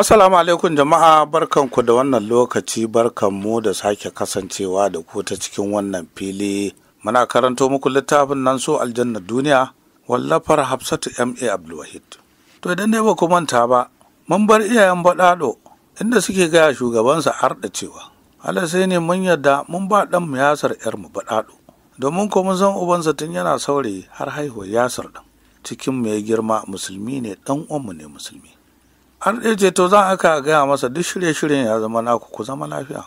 Assalamu alaikum jama'a barkanku da wannan lokaci barkanmu da sake kasancewa da ku ta cikin wannan fili muna karanto muku littafin nan so aljannar duniya wallafar Hafsatu MA Abdulwahid. To idan dai ba ku manta ba mun bar iyayen baɗaɗo inda suke gaya shugabansa arda cewa Allah sai ne mun yarda mun ba ɗan mu yasar yar mu baɗaɗo domin ko mun san ubansa tun yana saurayi har haihuwar yasar ɗan cikin mai girma musulmi ne ɗan uwanmu ne musulmi an ɗaya to zan aka gaya masa duk shirye-shiryen ya zama naku ku zama lafiya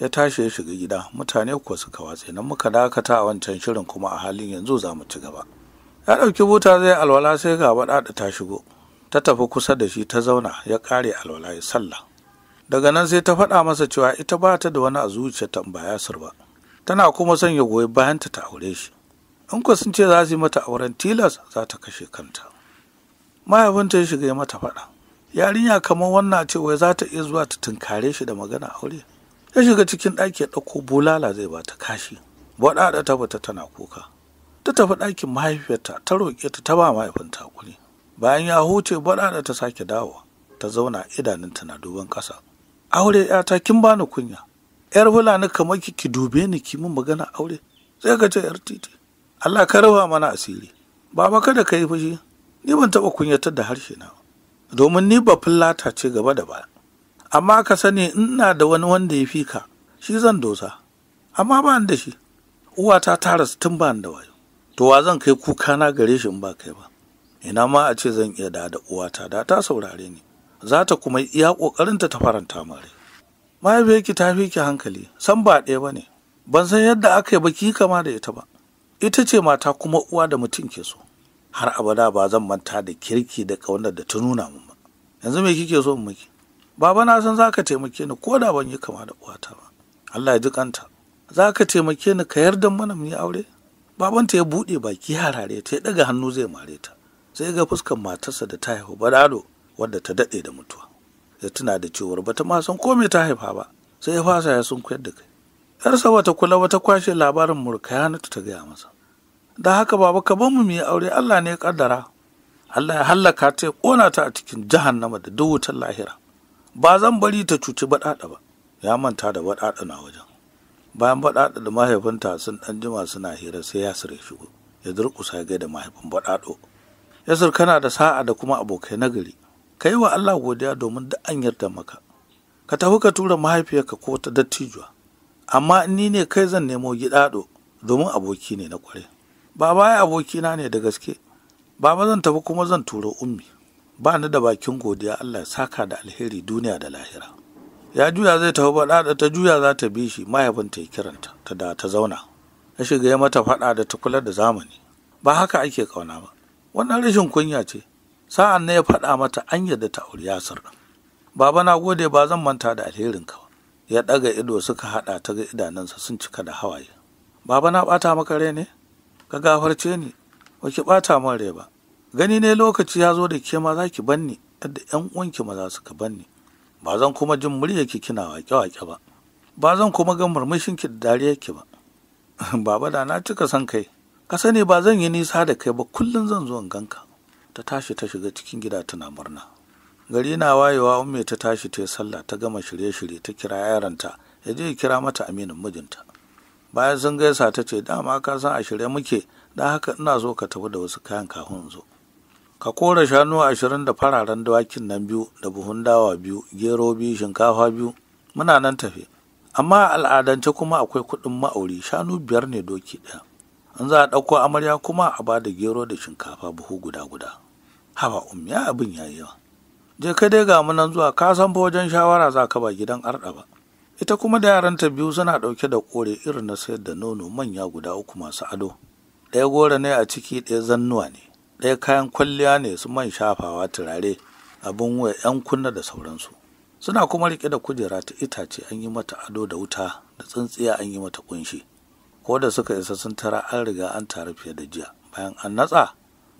ya tashi ya shiga gida mutane kuwa suka watse nan muka dakata a wancan shirin kuma a halin yanzu za mu ci gaba ya ɗauki buta zai alwala sai ga baɗaɗa ta shigo ta tafi kusa da shi ta zauna ya kare alwala ya sallah daga nan sai ta faɗa masa cewa ita ba ta da wani a zuciyarta ba ya ba tana kuma son ya goyi bayanta ta aure shi in ku sun ce za su yi mata auren tilas za ta kashe kanta mahaifinta ya shiga mata faɗa yarinya kamar wannan ce wai za ta iya zuwa ta tunkare shi da magana aure ya shiga cikin ɗaki ya ɗauko bulala zai ba ta kashi baɗaɗa ta fita tana kuka ta tafi ɗakin mahaifiyarta ta roƙe ta ta ba mahaifin takuri bayan ya huce da ta sake dawo ta zauna idanunta na duban ƙasa aure yata kin bani kunya yar fulani kamar ki ki dube ni ki min magana aure sai ka ce yar titi Allah ka raba mana asiri baba kada ka yi fushi ni ban taɓa kunyatar da harshe na ba domin ni ba fullata ce gaba da baya amma ka sani ina da wani wanda ya fi ka shi zan dosa amma ba da shi uwata ta rasu tun ba da wayo to wa zan kai kuka na gare shi in ba kai ba ina ma a ce zan iya da da uwata da ta saurare ni za ta kuma iya kokarin ta faranta mare. mahaifiyarki ta fi ki hankali san ba ɗaya ba ne ban san yadda aka yi baki kama da ita ba ita ce mata kuma uwa da mutum ke so har abada ba zan manta da kirki da ƙaunar da ta nuna min ba yanzu me kike so miki baba na san zaka taimake ni ko da ban yi kama da uwata ba Allah ya ji kanta zaka taimake ni ka yarda mana mu yi aure babanta ya bude baki harare ta ya daga hannu zai mare ta sai ga fuskar matarsa da ta haihu barado wadda ta daɗe da mutuwa ya tuna da cewar bata ma san ko me ta haifa ba sai ya fasa ya sun koyar da kai yarsa bata kula ba ta kwashe labarin murkayanatu ta gaya masa da haka baba ka bar mu mu yi aure Allah ne ya kaddara Allah ya hallaka ta ya kona ta a cikin jahannama da duk wutar lahira ba zan bari ta cuci baɗaɗa ba ya manta da baɗaɗa na wajen bayan baɗaɗa da mahaifinta sun ɗan jima suna hira sai ya sire shigo ya durƙusa ya gaida mahaifin baɗaɗo ya kana da sa'a da kuma abokai nagari ka yi wa Allah godiya domin duk an yarda maka ka tafi ka tura mahaifiyarka ko ta dattijuwa amma ni ne kai zan nemo gidaɗo domin aboki ne na ƙwarai baba ya abokina ne da gaske baba zan tafi kuma zan turo ummi ba ni da bakin godiya allah saka da alheri duniya da lahira ya juya zai tafi baɗa da ta juya za ta bi shi mahaifinta yi kiranta ta da ta zauna ya shiga ya mata faɗa da ta kula da zamani ba haka ake kauna ba wannan rashin kunya ce sa'an na ya faɗa mata an yadda ta auri yasir baba na gode ba zan manta da alherinka ba ya ɗaga ido suka haɗa ta ga idanunsa sun cika da hawaye baba na ɓata maka rai ne ka gafarce ni ba ki ɓata min rai ba gani ne lokaci ya zo da ke ma za ki banni yadda yan uwanki maza suka banni ba zan kuma jin murya ki kina waƙe-waƙe ba ba zan kuma ga murmushin ki da dariyarki ba baba da na cika son kai ka sani ba zan yi nisa da kai ba kullum zan zo in ganka ta tashi ta shiga cikin gida tana murna gari na wayewa umme ta tashi ta yi sallah ta gama shirye-shirye ta kira yaranta ya je ya kira mata aminin mijinta bayan sun gaisa ta ce dama ka san a shirye muke da haka ina so ka tafi da wasu kayan kafin zo ka kora shanu ashirin da fararen dawakin nan biyu da buhun dawa biyu gero biyu shinkafa biyu muna nan tafe amma a al'adance kuma akwai kuɗin ma'auri shanu biyar ne doki ɗaya in za a ɗauko amarya kuma a ba da gero da shinkafa buhu guda guda haba ya abin yayi yawa je kai dai ga mu nan zuwa ka san fa wajen shawara za ka ba gidan arɗa ba ita kuma da yaranta biyu suna ɗauke da kore irin na sayar da nono manya guda uku masu ado ɗaya gora ne a ciki ɗaya zannuwa ne ɗaya kayan kwalliya ne su man shafawa turare abin waya yan kunna da sauransu suna kuma riƙe da kujera ta itace an yi mata ado da wuta da tsintsiya an yi mata kunshi ko da suka isa sun tara an riga an tari fiye da jiya bayan an natsa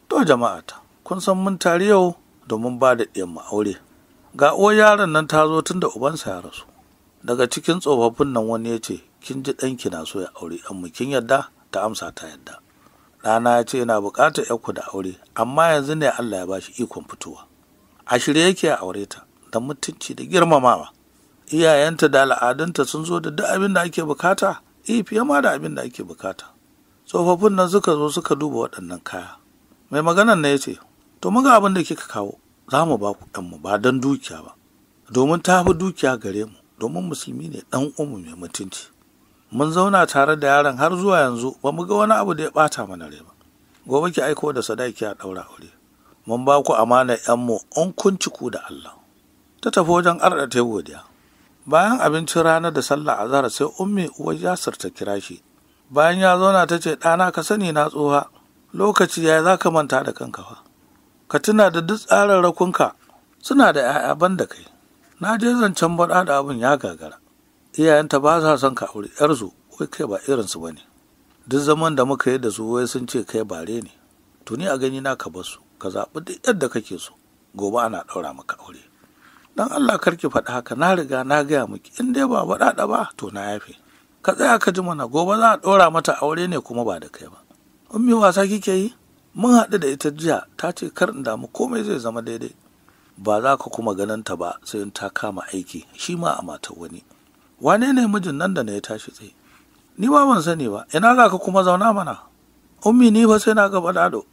to jama'a ta kun san mun tari yau domin ba da ɗiyan aure ga uwar yaron nan ta zo tun da ubansa ya rasu daga cikin tsofaffin nan wani ya ce kin ji ɗanki na so ya aure amma kin yadda ta amsa ta yadda ɗana ya ce yana buƙatar yarku da aure amma yanzu ne allah ya bashi ikon fitowa a shirye yake a aure ta da mutunci da girmamawa iyayenta da al'adunta sun zo da duk abin da ake bukata E, fiye ma da abin da ake bukata tsofaffin nan suka zo suka duba waɗannan kaya mai maganan na ya ce to muga abin da kika kawo za mu ba ku ɗanmu ba don dukiya ba domin ta fi dukiya gare mu domin musulmi ne dan umu mai mutunci mun zauna tare da yaron har zuwa yanzu ba mu ga wani abu da ya ɓata mana rai ba gobe ki aiko da sadaki a daura aure mun ba ku amana mu an kunci ku da Allah ta tafi wajen arda ta godiya bayan abincin rana da sallah azhar sai ummi uwar yasir ta kira shi bayan ya zauna ta ce ɗana ka sani na tsoha lokaci ya zaka manta da kanka fa ka tuna da duk tsararrakunka suna da 'ya'ya ban da kai na je zancen baɗa da abin ya gagara iyayenta ba sa son ka aure yarsu wai kai ba irinsu ba ne duk zaman da muka yi da su wai sun ce kai bare ne tuni a gani na ka bar su ka zaɓi duk yadda kake so gobe ana ɗaura maka aure dan Allah karki faɗi haka na riga na gaya miki in dai ba baɗaɗa ba to na yafe ka tsaya ka ji mana gobe za a ɗora mata aure ne kuma ba da kai ba ummi wasa kike yi mun haɗu da ita jiya ta ce kar in damu komai zai zama daidai ba za ka kuma gananta ba sai in ta kama aiki shi ma a matar wani wane ne mijin nan da na ya tashi tsaye ni ba ban sani ba ina za ka kuma zauna mana ummi ni ba sai na gaba dado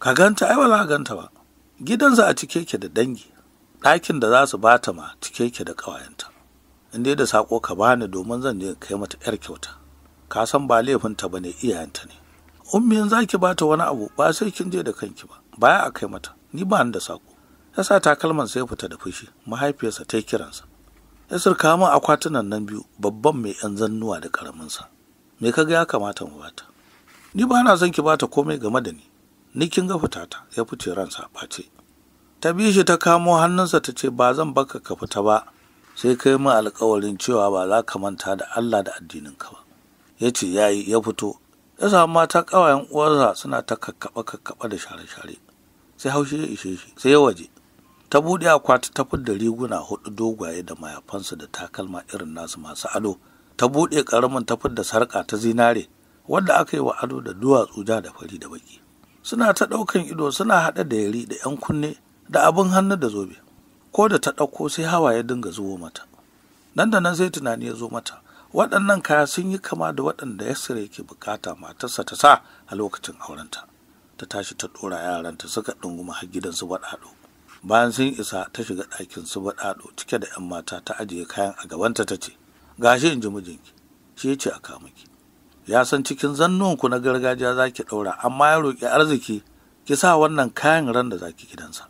ka ganta ai ba za ka ganta ba gidansa a cike ke da dangi ɗakin da za su bata ma cike ke da ƙawayenta in dai da saƙo ka bani domin zan je kai mata yar kyauta ka san ba laifinta ba ne iyayenta ne ummi in za ki bata wani abu ba sai kin je da kanki ba baya a kai mata ni ba da saƙo ya sa takalman sai fita da fushi mahaifiyarsa ta yi kiransa ya surka min akwatunan nan biyu babban mai yan zannuwa da karaminsa me ga ya kamata mu bata ni ba na son ki bata komai game da ni ni kin ga fitata ya fice ransa ɓace ta bi shi ta kamo hannunsa ta ce ba zan baka ka fita ba sai kai min alƙawarin cewa ba za ka manta da Allah da addinin ka ba ya ce ya yi ya fito ya samu mata ƙawayen uwarsa suna ta kakkaɓa kakkaɓa da share-share sai haushi ya ishe shi sai ya waje ta buɗe akwati ta fidda riguna hudu dogaye da mayafansu da takalma irin nasu masu ado ta buɗe ƙaramin ta fidda sarƙa ta zinare wanda aka yi wa ado da duwatsu ja da fari da baki suna ta ɗaukan ido suna haɗa da yari da yan kunne da abin hannu da zobe ko da ta ɗauko sai hawa ya dinga zuwo mata nan da nan sai tunani ya zo mata waɗannan kaya sun yi kama da waɗanda yasira yake bukata matarsa ta sa a lokacin aurenta ta tashi ta ɗora yaranta suka ɗunguma har gidansu baɗaɗo bayan sun isa ta shiga ɗakin su baɗaɗo cike da 'yan mata ta ajiye kayan a gabanta ta ce gashi in ji mijinki shi yace ce a ki. ya san cikin zannonku na gargajiya za ki ɗaura amma ya roƙi arziki ki sa wannan kayan ran da za ki gidansa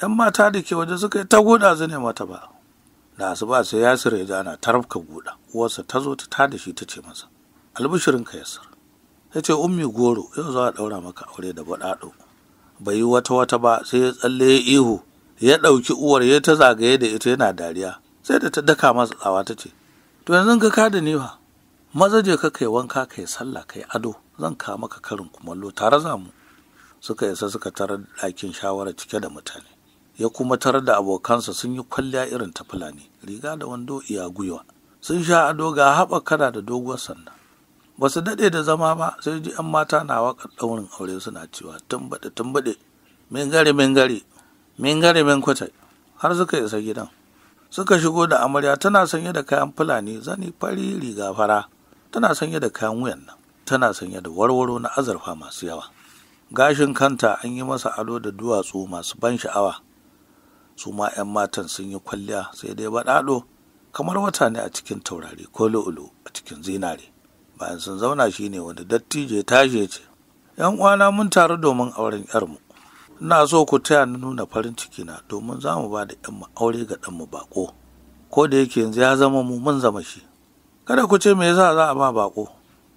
‘yan mata da ke waje suka yi ta guda zane mata ba da asuba sai ya ya ji ana tarafka guda uwarsa ta zo ta tada shi ta ce masa albishirin ka sar ya ce ummi goro yau za a ɗaura maka aure da baɗaɗo bai yi wata wata ba sai ya tsalle ya ihu ya ɗauki uwar ya ta zagaye da ita yana dariya sai da ta daka masa tsawa ta ce to yanzu ka ka ni ba maza je ka kai wanka kai sallah kai ado zan ka maka karin kumallo tare za mu suka isa suka tarar ɗakin shawara cike da mutane ya kuma tare da abokansa sun yi kwalliya irin ta fulani riga da wando iya gwiwa sun sha ado ga haɓa kada da doguwar sanda ba su daɗe da zama ba sai ji 'yan mata na waƙar ɗaurin aure suna cewa tun baɗe min gari min gari min gari min har suka isa gidan suka shigo da amarya tana sanye da kayan fulani zani fari riga fara tana sanye da kayan wuyan nan tana sanye da warwaro na azurfa masu yawa gashin kanta an yi masa ado da duwatsu masu ban sha'awa su ma 'yan matan sun yi kwalliya sai dai baɗaɗo kamar wata ne a cikin taurari ko lu'ulu a cikin zinare bayan sun zauna shi ne wanda dattijo ya tashi ce yan uwana mun taru domin auren yarmu ina so ku taya ni nuna farin ciki na domin za mu ba da yan mu aure ga ɗanmu baƙo. ko da yake yanzu ya zama mu mun zama shi kada ku ce me yasa za a ba baƙo.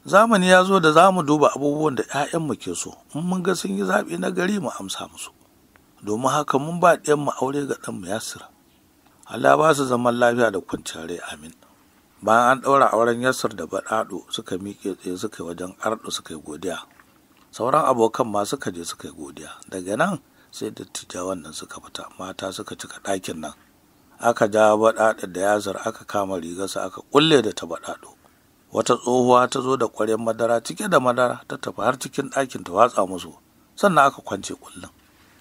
zamani ya zo da za mu duba abubuwan da mu ke so in mun ga sun yi zaɓi na gari mu amsa musu domin haka mun ba 'yan mu aure ga ɗanmu yasir Allah ba su zaman lafiya da kwanciyar rai amin bayan an ɗaura auren Yasir da baɗaɗo suka miƙe tsaye suka yi wajen arɗo suka yi godiya sauran abokan ma suka je suka yi godiya daga nan sai dattijawan nan suka fita mata suka cika ɗakin nan aka ja baɗaɗa da Yasir aka kama rigarsa aka ƙulle da ta baɗaɗo wata tsohuwa ta zo da ƙwaryen madara cike da madara ta tafi har cikin ɗakin ta watsa musu sannan aka kwance ƙullin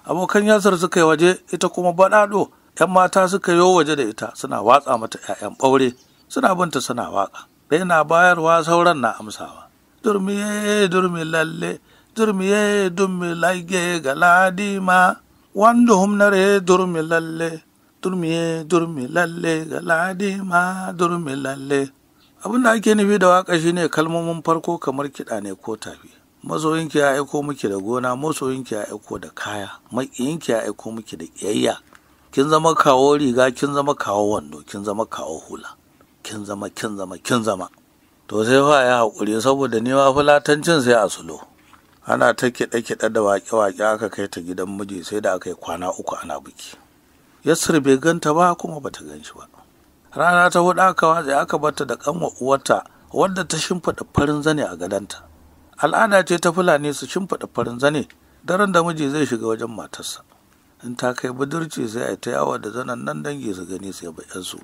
abokan Yasir suka yi waje ita kuma baɗaɗo ‘yan mata suka yi waje da ita suna watsa mata ‘ya'yan ɓaure suna binta suna waka da yana bayarwa sauran na amsawa durmiye durmi lalle durmiye durmi lage galadima wanda humnare durmi lalle durmiye durmi lalle galadima durmi lalle abin da ake nufi da waka shine kalmomin farko kamar kiɗa ne ko tafi masoyinki ya aiko miki da gona masoyinki ya aiko da kaya maƙiyinki ya aiko miki da ƙiyayya kin zama kawo riga kin zama kawo wando kin zama kawo hula kin zama kin zama kin zama to sai fa ya haƙuri saboda ni ma fulatancin sai a sulo ana ta kiɗe-kiɗe da waƙe-waƙe aka kai ta gidan miji sai da aka yi kwana uku ana biki yasir bai ganta ba kuma bata gan shi ba rana ta huɗu aka watsa aka bata da kanwa uwarta wadda ta shimfiɗa farin zane a gadonta al'ada ce ta fulani su shimfiɗa farin zane daren da miji zai shiga wajen matarsa in ta kai budurci sai a ta yawo da zanen nan dangi su gani sai ba 'yansu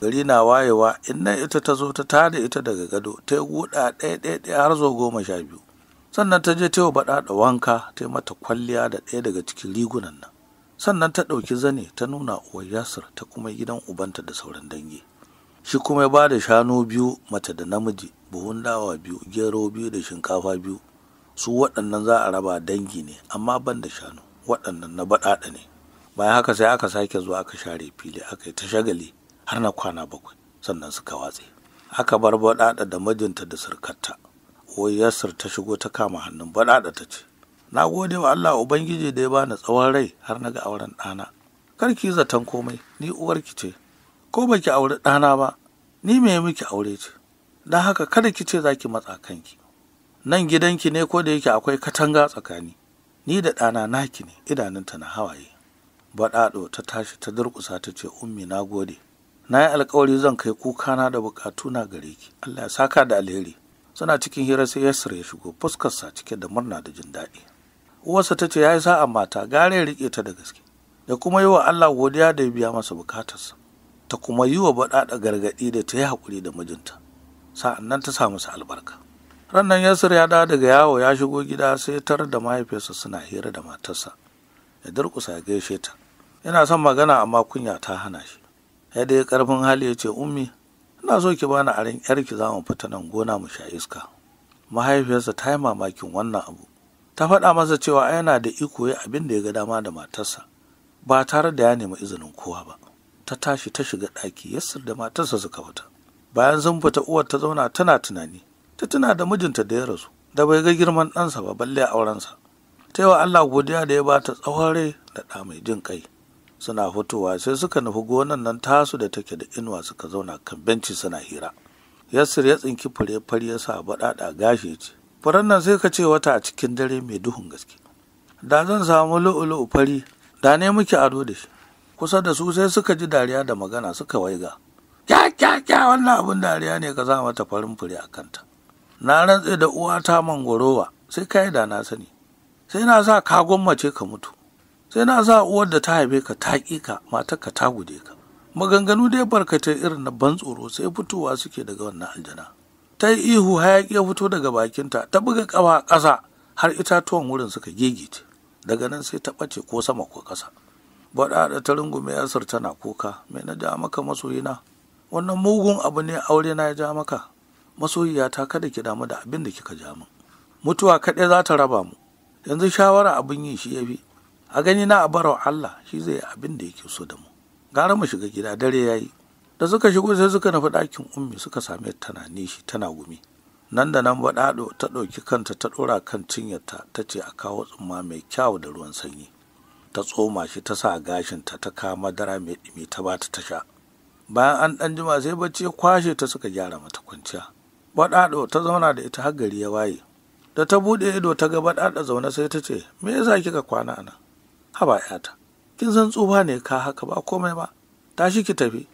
gari na wayewa in nan ita ta zo ta tada ita daga gado ta guda ɗaya ɗaya ɗaya har zo goma sha biyu sannan ta je ta yi wa da wanka ta yi mata kwalliya da ɗaya daga cikin rigunan nan sannan ta ɗauki zane ta nuna wa yasir ta kuma gidan ubanta da sauran dangi shi kuma ya ba da shanu biyu mace da namiji buhun dawa biyu gero biyu da shinkafa biyu su waɗannan za a raba dangi ne amma ban da shanu waɗannan na baɗaɗa ne bayan haka sai aka sake zuwa aka share fili aka yi ta shagali har na kwana bakwai sannan suka watse aka bar baɗaɗa da mijinta da surkarta wai yasir ta shigo ta kama hannun baɗaɗa ta ce na gode wa Allah ubangiji da ya bani tsawon rai har na ga auren ɗana karki zaton komai ni uwarki ce ko baki auri ɗana ba ni me miki aure ce don haka kada ki ce za ki matsa kanki nan gidanki ne ko da yake akwai katanga tsakani ni da ɗana naki ne idanunta na hawaye baɗaɗo ta tashi ta durƙusa ta ce ummi na gode na yi alkawari zan kai kukana da bukatuna gare ki allah ya saka da alheri suna cikin hira sai yasir ya shigo fuskarsa cike da murna da jin daɗi uwarsa ta ce ya yi sa'a mata gare ya riƙe ta da gaske da kuma yi wa allah godiya da ya biya masa bukatarsa ta kuma yi wa baɗaɗa gargaɗi da ta yi hakuri da mijinta sa'an nan ta sa masa albarka rannan yasir ya dawo daga yawo ya shigo gida sai tar da mahaifiyarsa suna hira da matarsa ya durƙusa ya gaishe ta yana son magana amma kunya ta hana shi ya dai karfin hali ya ce ummi ina so ki bani aren yarki za mu fita nan gona mu sha iska mahaifiyarsa ta yi mamakin wannan abu ta faɗa masa cewa yana da iko ya abin da ya ga dama da matarsa ba tare da ya nemi izinin kowa ba ta tashi ta shiga ɗaki yasir da matarsa suka fita bayan sun fita uwar ta zauna tana tunani ta tuna da mijinta da ya rasu da bai ga girman ɗansa ba balle aurensa ta yi wa Allah godiya da ya ba ta tsawon rai da ɗa mai jin kai suna fitowa sai suka nufi gonan nan tasu da take da inuwa suka zauna kan benci suna hira yassir ya tsinki fure fari ya sa baɗaɗa gashi ce furen nan sai ka ce wata a cikin dare mai duhun gaske da zan samu lu'ulu'u fari da ne muke ado da shi kusa da su sai suka ji dariya da magana suka waiga kya kya kya wannan abin dariya ne ka sa mata farin fure a kanta na rantse da uwa ta mangorowa sai ka yi da na sani sai na sa kagon mace ka mutu sai na sa uwar da ta haife ka ta ƙi ka matar ka ta gude ka maganganu dai barkata irin na ban tsoro sai fitowa suke daga wannan aljana ta yi ihu hayaƙi ya fito daga bakinta ta buga ƙafa ƙasa har itatuwan wurin suka gegete daga nan sai ta ɓace ko sama ko ƙasa baɗa da ta rungume yasir tana kuka mai na ja maka masoyina wannan mugun abu ne aure na ya ja maka masoyiya ta kada ki damu da abin da kika ja min mutuwa kaɗai za ta raba mu yanzu shawara abin yi shi ya fi a gani na a barawa Allah shi zai abin da yake so da mu gara mu shiga gida dare ya yi da suka shigo sai suka nufi ɗakin ummi suka same tana nishi tana gumi nan da nan baɗaɗo ta ɗauki kanta ta ɗora kan cinyarta ta ce a kawo tsumma mai kyawu da ruwan sanyi ta tsoma shi ta sa gashinta ta kawo madara mai ɗumi ta ba ta sha bayan an ɗan jima sai bacci ya kwashe ta suka gyara mata kwanciya baɗaɗo ta zauna da ita har gari ya waye da ta buɗe ido ta ga baɗaɗa zaune sai ta ce me yasa kika kwana a nan haba yata kin san tsufa ne ka haka ba komai ba tashi ki tafi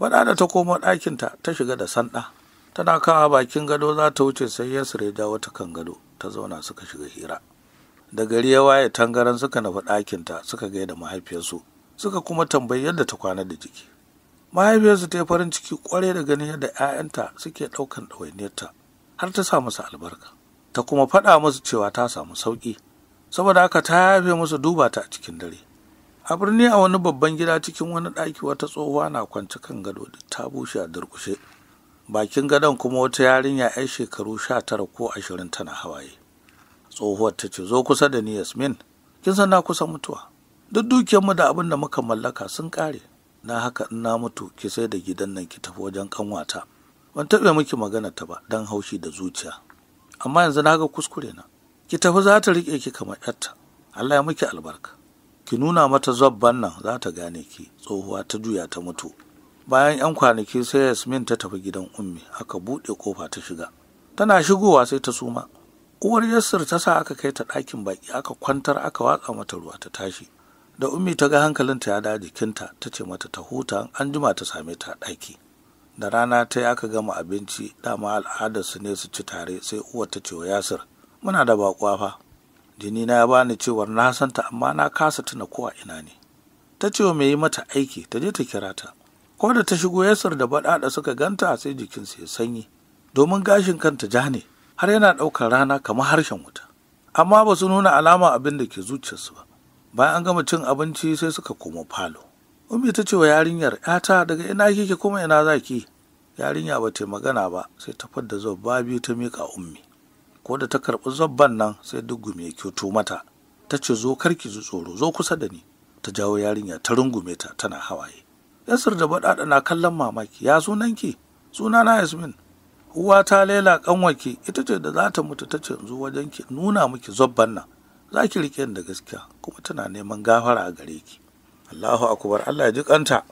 waɗa da ta komo ɗakinta ta shiga da sanda tana kawa bakin gado za ta wuce sai ya sire dawo ta kan gado ta zauna suka shiga hira da gari ya waye tangaran suka nufi ɗakinta suka gaida mahaifiyarsu suka kuma tambayi yadda ta kwana da jiki mahaifiyarsu ta yi farin ciki kwarai da ganin yadda 'ya'yanta suke ɗaukan ɗawainiyarta har ta sa musu albarka ta kuma faɗa musu cewa ta samu sauƙi saboda haka ta yafe musu duba ta a cikin dare a birni a wani babban gida cikin wani ɗaki wata tsohuwa na kwance kan gado da ta bushe a durkushe bakin gadon kuma wata yarinya 'ya shekaru sha tara ko ashirin tana hawaye tsohuwar ta ce zo kusa da ni yasmin kin san na kusa mutuwa duk dukiyarmu da abin da muka mallaka sun kare. na haka in na mutu ki sai da gidan nan ki tafi wajen kanwata ban taɓe miki magana ta ba don haushi da zuciya amma yanzu na ga kuskure na ki tafi za ta riƙe ki kamar ɗatta Allah ya miki albarka ki nuna mata zabban nan za ta gane ki tsohuwa ta juya ta mutu bayan 'yan kwanaki sai yasmin ta tafi gidan ummi aka buɗe kofa ta shiga tana shigowa sai ta suma uwar yassir ta sa aka kai ta ɗakin baki aka kwantar aka watsa mata ruwa ta tashi da ummi ta ga hankalinta ya da jikinta ta ce mata ta huta an jima ta same ta ɗaki da rana ta yi aka gama abinci dama al'adarsu ne su ci tare sai uwar ta ce wa yasir muna da bakuwa fa jini na ya bani cewar na santa amma na kasa tuna ko ina ne ta ce mai yi mata aiki ta je ta kira ta ko da ta shigo yasar da baɗaɗa suka ganta sai jikin ya sanyi domin gashin kanta ja ne har yana ɗaukar rana kamar harshen wuta amma ba su nuna alama abin da ke zuciyarsu ba bayan an gama cin abinci sai suka komo falo ummi ta ce wa yarinyar yata daga ina kike kuma ina zaki yarinya ba ta magana ba sai ta fadda zuwa babi ta miƙa ummi ko da ta karɓi zabban nan sai duk gumi ya kyoto mata ta ce zo ki ji tsoro zo kusa da ni ta jawo yarinya ta rungume ta tana hawaye yasir da baɗaɗa na kallon mamaki ya sunan sunanki sunana yasmin uwa ta lela kanwaki ita ce da za ta mutu ta ce zo wajen ki nuna miki zobban nan za ki rike da gaskiya kuma tana neman gafara a gare ki Allahu akubar Allah ya ji kanta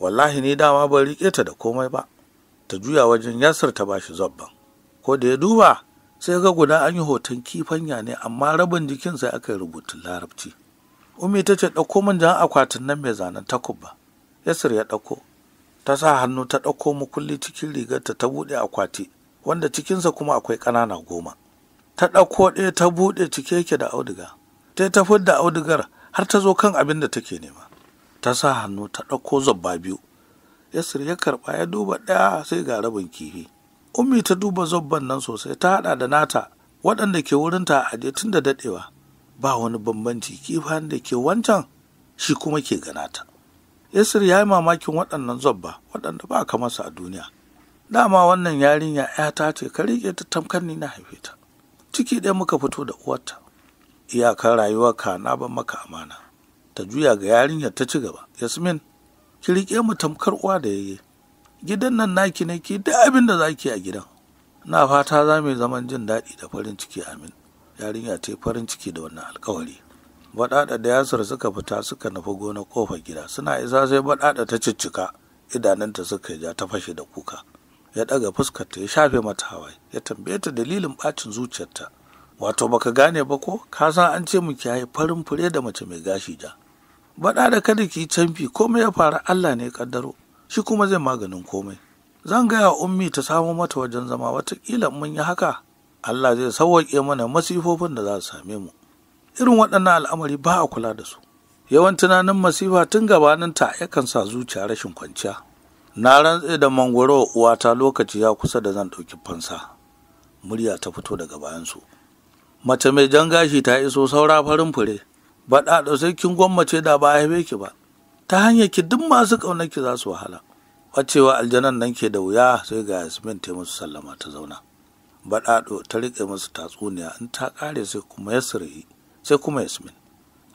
wallahi ni dama ban rike ta da komai ba ta juya wajen yasir ta bashi zobban ko da ya duba sai ga guda an yi hoton kifanya ne amma rabin jikin sai aka yi rubutun larabci umi ta ce ɗauko min jan akwatin nan mai zanen takuba yasir ya ɗauko ta sa hannu ta ɗauko mukulli cikin rigarta ta buɗe akwati wanda cikinsa kuma akwai ƙanana goma ta ɗauko ɗaya ta buɗe cike yake da auduga ta ta da audugar har ta zo kan abin da take nema ta sa hannu ta ɗauko zabba biyu yasir ya karɓa ya duba ɗaya sai ga rabin kifi ummi ta duba zobban nan sosai ta haɗa da nata waɗanda ke wurinta a aje tun da daɗewa ba wani bambanci kifan da ke wancan shi kuma ke ganata yasir ya yi mamakin waɗannan zobba waɗanda ba ka masa a duniya dama wannan yarinya ‘yata ce ka riƙe ta tamkar ni na haife ta ciki ɗaya muka fito da uwarta iyakar rayuwa ka na ban maka amana ta juya ga yarinyar ta ci gaba yasmin ki riƙe mu tamkar uwa da yayi gidan nan naki ne ki da abin da za ki a gidan na fata za mu zaman jin daɗi da farin ciki amin yarinya ta yi farin ciki da wannan alkawari baɗaɗa da yasir suka fita suka nufi gona kofar gida suna isa sai baɗaɗa ta ciccika idanunta suka ja ta fashe da kuka ya ɗaga fuskarta ya shafe mata hawaye ya tambaye ta dalilin ɓacin zuciyarta wato baka gane ba ko ka san an ce muke haifi farin fure da mace mai gashi ja baɗa kada ki yi canfi komai ya faru allah ne ya ƙaddaro shi kuma zai maganin komai zan gaya ummi ta samo mata wajen zama watakila mun yi haka allah zai sauwaƙe mana masifofin da za su same mu irin waɗannan al'amari ba a kula da su yawan tunanin masifa tun gabaninta yakan sa zuciya rashin kwanciya na rantse da mangwaro uwata lokaci ya kusa da zan ɗauki fansa murya ta fito daga bayansu mace mai jan gashi ta iso saura farin fure ba da sai kin gwammace da ba a haife ki ba ta hanyar ki duk masu ƙaunar ki za su wahala wacewa aljanan nan ke da wuya sai ga yasmin ta musu sallama ta zauna baɗaɗo ta riƙe musu tatsuniya in ta ƙare sai kuma sirri sai kuma yasmin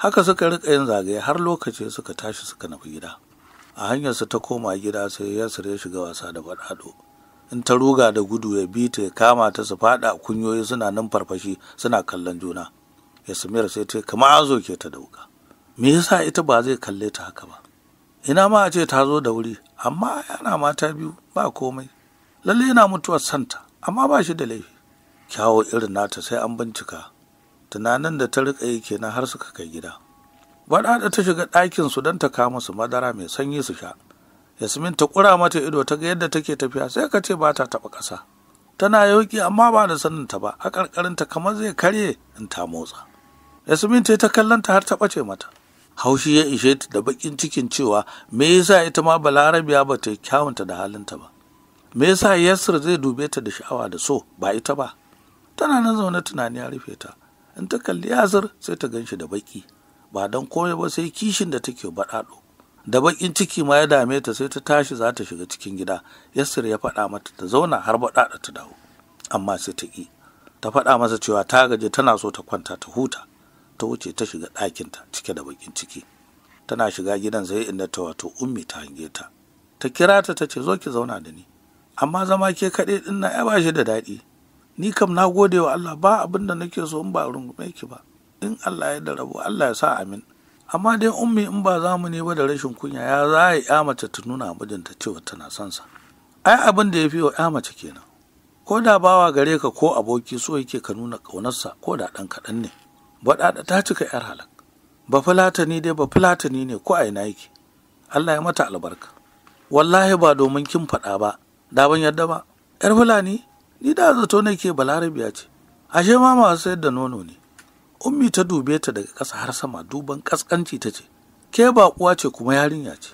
haka suka riƙa yin zagaye har lokaci suka tashi suka nufi gida a hanyar su ta koma gida sai yasir ya shiga wasa da baɗaɗo in ta ruga da gudu ya bi ta ya kama ta su faɗa kunyoyi suna nan farfashi suna kallon juna yasmir sai ta kama an zo ke ta dauka me yasa ita ba zai kalle ta haka ba ina ma a ce ta zo da wuri amma yana mata biyu ba komai lalle yana mutuwar santa amma ba shi da laifi kyawo irin nata sai an bincika tunanin da ta rika yi kenan har suka kai gida baɗaɗa ta shiga ɗakin su don ta kawo musu madara mai sanyi su sha yasmin ta ƙura mata ido ta ga yadda take tafiya sai ka ce ba ta taɓa ƙasa tana yauki amma ba da sanin ta ba a ƙarƙarinta kamar zai karye in ta motsa yasmin ta yi ta kallon har ta ɓace mata haushi ya ishe ta da bakin cikin cewa me yasa ita ma balarabiya ba ta kyawunta da halinta ba me yasa yasir zai dube ta da sha'awa da so ba ita ba tana nan zaune tunani ya rufe ta in ta kalli yasir sai ta gan shi da baki ba don komai ba sai kishin da take baɗaɗo da bakin ciki ma ya dame ta sai ta tashi za ta shiga cikin gida yasir ya faɗa mata ta zauna har baɗaɗa ta dawo amma sai ta ki ta faɗa masa cewa ta gaji tana so ta kwanta ta huta ta wuce ta shiga ɗakinta cike da bakin ciki tana shiga gidan zai inda ta wato ummi ta hange ta ta kira ta ta ce zo ki zauna da ni amma zama ke kaɗai ɗin na ya bashi da daɗi ni kam na gode wa Allah ba abin da nake so in ba rungume ki ba in Allah ya da rabu Allah ya sa amin amma dai ummi in ba zamu ne ba da rashin kunya ya za a ya mace ta nuna mijinta cewa tana son sa ai abin da ya fi wa ya mace kenan ko da bawa gare ka ko aboki so yake ka nuna ƙaunarsa ko da ɗan kaɗan ne baɗaɗa ta cika yar halak ba filatani dai ba filatani ne ko a ina yake Allah ya mata albarka wallahi ba domin kin faɗa ba da ban yadda ba yar fulani ni da zato ne ke balarabiya ce ashe ma masu sayar da nono ne ummi ta dube ta daga ƙasa har sama duban ƙasƙanci ta ce ke ba kuwa ce kuma yarinya ce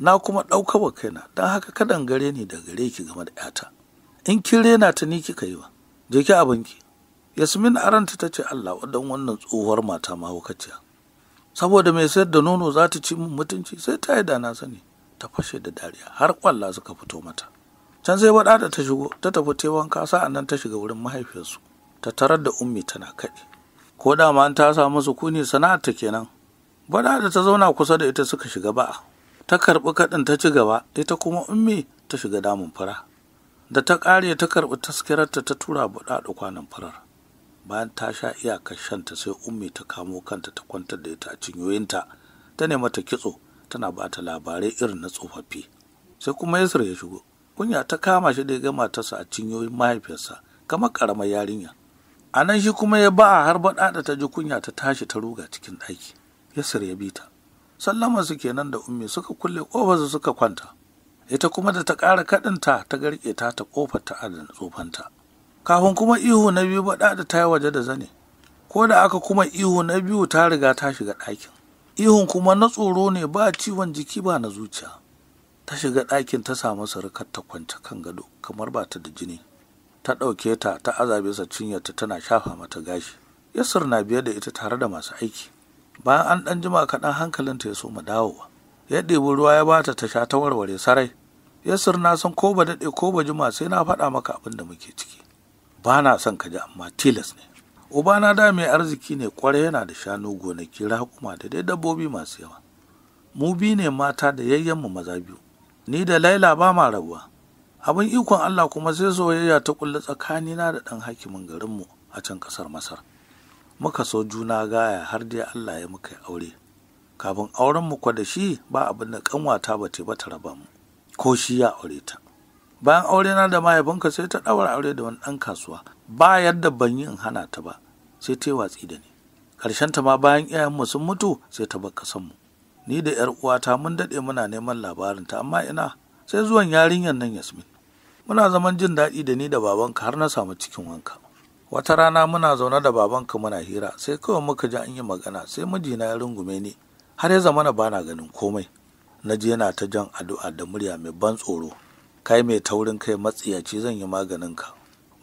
na kuma ɗauka wa kaina don haka kaɗan gare ni da gare ki game da 'yata in kin rena ta ni kika yi ba Jeki ki abinki yasmin aranta ta ce allah wadan wannan tsohuwar mata mahaukaciya saboda mai sayar da nono za ta ci min mutunci sai ta yi dana sani ta fashe da dariya har kwalla suka fito mata can sai wada da ta shigo ta tafi tewan kasa a nan ta shiga wurin mahaifiyarsu ta tarar da ummi tana kaɗi ko da ma an ta samu kuni sana'ar ta kenan bada da ta zauna kusa da ita suka shiga ba'a ta karɓi kaɗin ta ci gaba ita kuma ummi ta shiga damun fara da ta ƙare ta karɓi taskirarta ta tura buɗa da kwanan farar bayan ta sha iyakar shanta sai ummi ta kamo kanta ta kwantar da ita a cinyoyinta ta nema ta kitso tana ba ta labarai irin na tsofaffi sai kuma yasir ya shigo kunya ta kama shi da ya ga matarsa a cinyoyin mahaifiyarsa kamar karamar yarinya a nan shi kuma ya ba a har da ta ji kunya ta tashi ta ruga cikin ɗaki yasir ya bi ta sallama su kenan da ummi suka kulle ƙofarsa suka kwanta ita kuma da ta ƙara kaɗinta ta garke ta ta ƙofar ta adana tsofanta kafin kuma ihu na biyu ba da ta yi waje da zane ko da aka kuma ihu na biyu ta riga ta shiga ɗakin ihun kuma na tsoro ne ba ciwon jiki ba na zuciya ta shiga ɗakin ta samu sarkar ta kwance kan gado kamar ba ta da jini ta ɗauke ta ta azabe sa ta tana shafa mata gashi yasir na biye da ita tare da masu aiki bayan an ɗan jima kaɗan hankalinta ya so mu dawowa ya ɗebi ruwa ya bata ta sha ta warware sarai yasir na san ko ba daɗe ko ba jima sai na faɗa maka abin da muke ciki ba na son ka ji amma tilas ne Uba na da mai arziki ne kwarai yana da shanu gonaki raƙuma da dai dabbobi masu yawa mu bi ne mata da mu maza biyu ni da laila ba ma rabuwa abin ikon allah kuma sai soyayya ta kulle tsakanina da ɗan hakimin garinmu a can ƙasar masar muka so juna gaya har dai allah ya muka aure kafin auren mu da shi ba abin da kanwata ba ta raba mu ko shi ya aure ta bayan aure na da mahaifinka sai ta ɗaura aure da wani ɗan kasuwa ba yadda ban yi in hana ta ba sai ta yi watsi da ni ta ma bayan iyayenmu sun mutu sai ta bar mu ni da yar uwata mun daɗe muna neman labarin ta, amma ina sai zuwan yarinyar nan yasmin muna zaman jin daɗi da ni da babanka har na samu cikin wanka wata rana muna zaune da babanka muna hira sai kawai muka ji an yi magana sai mijina ya rungume ni har ya zamana bana ganin komai na je yana ta jan addu'a da murya mai ban tsoro kai mai taurin kai matsiyaci zan yi maganin ka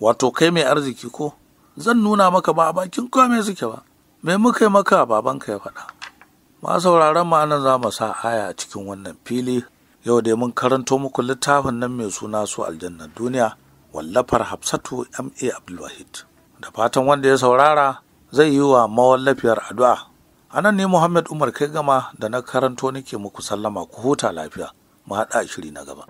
wato kai mai arziki ko zan nuna maka ba a bakin kome suke ba mai muka yi maka babanka ya faɗa ma sauraron ma nan za mu sa aya a cikin wannan fili yau dai mun karanto muku littafin nan mai suna su aljannar duniya wallafar hafsatu ma abdulwahid da fatan wanda ya saurara zai yi wa mawallafiyar addu'a anan ne muhammad umar kai gama da na karanto nake muku sallama ku huta lafiya mu haɗa shiri na gaba.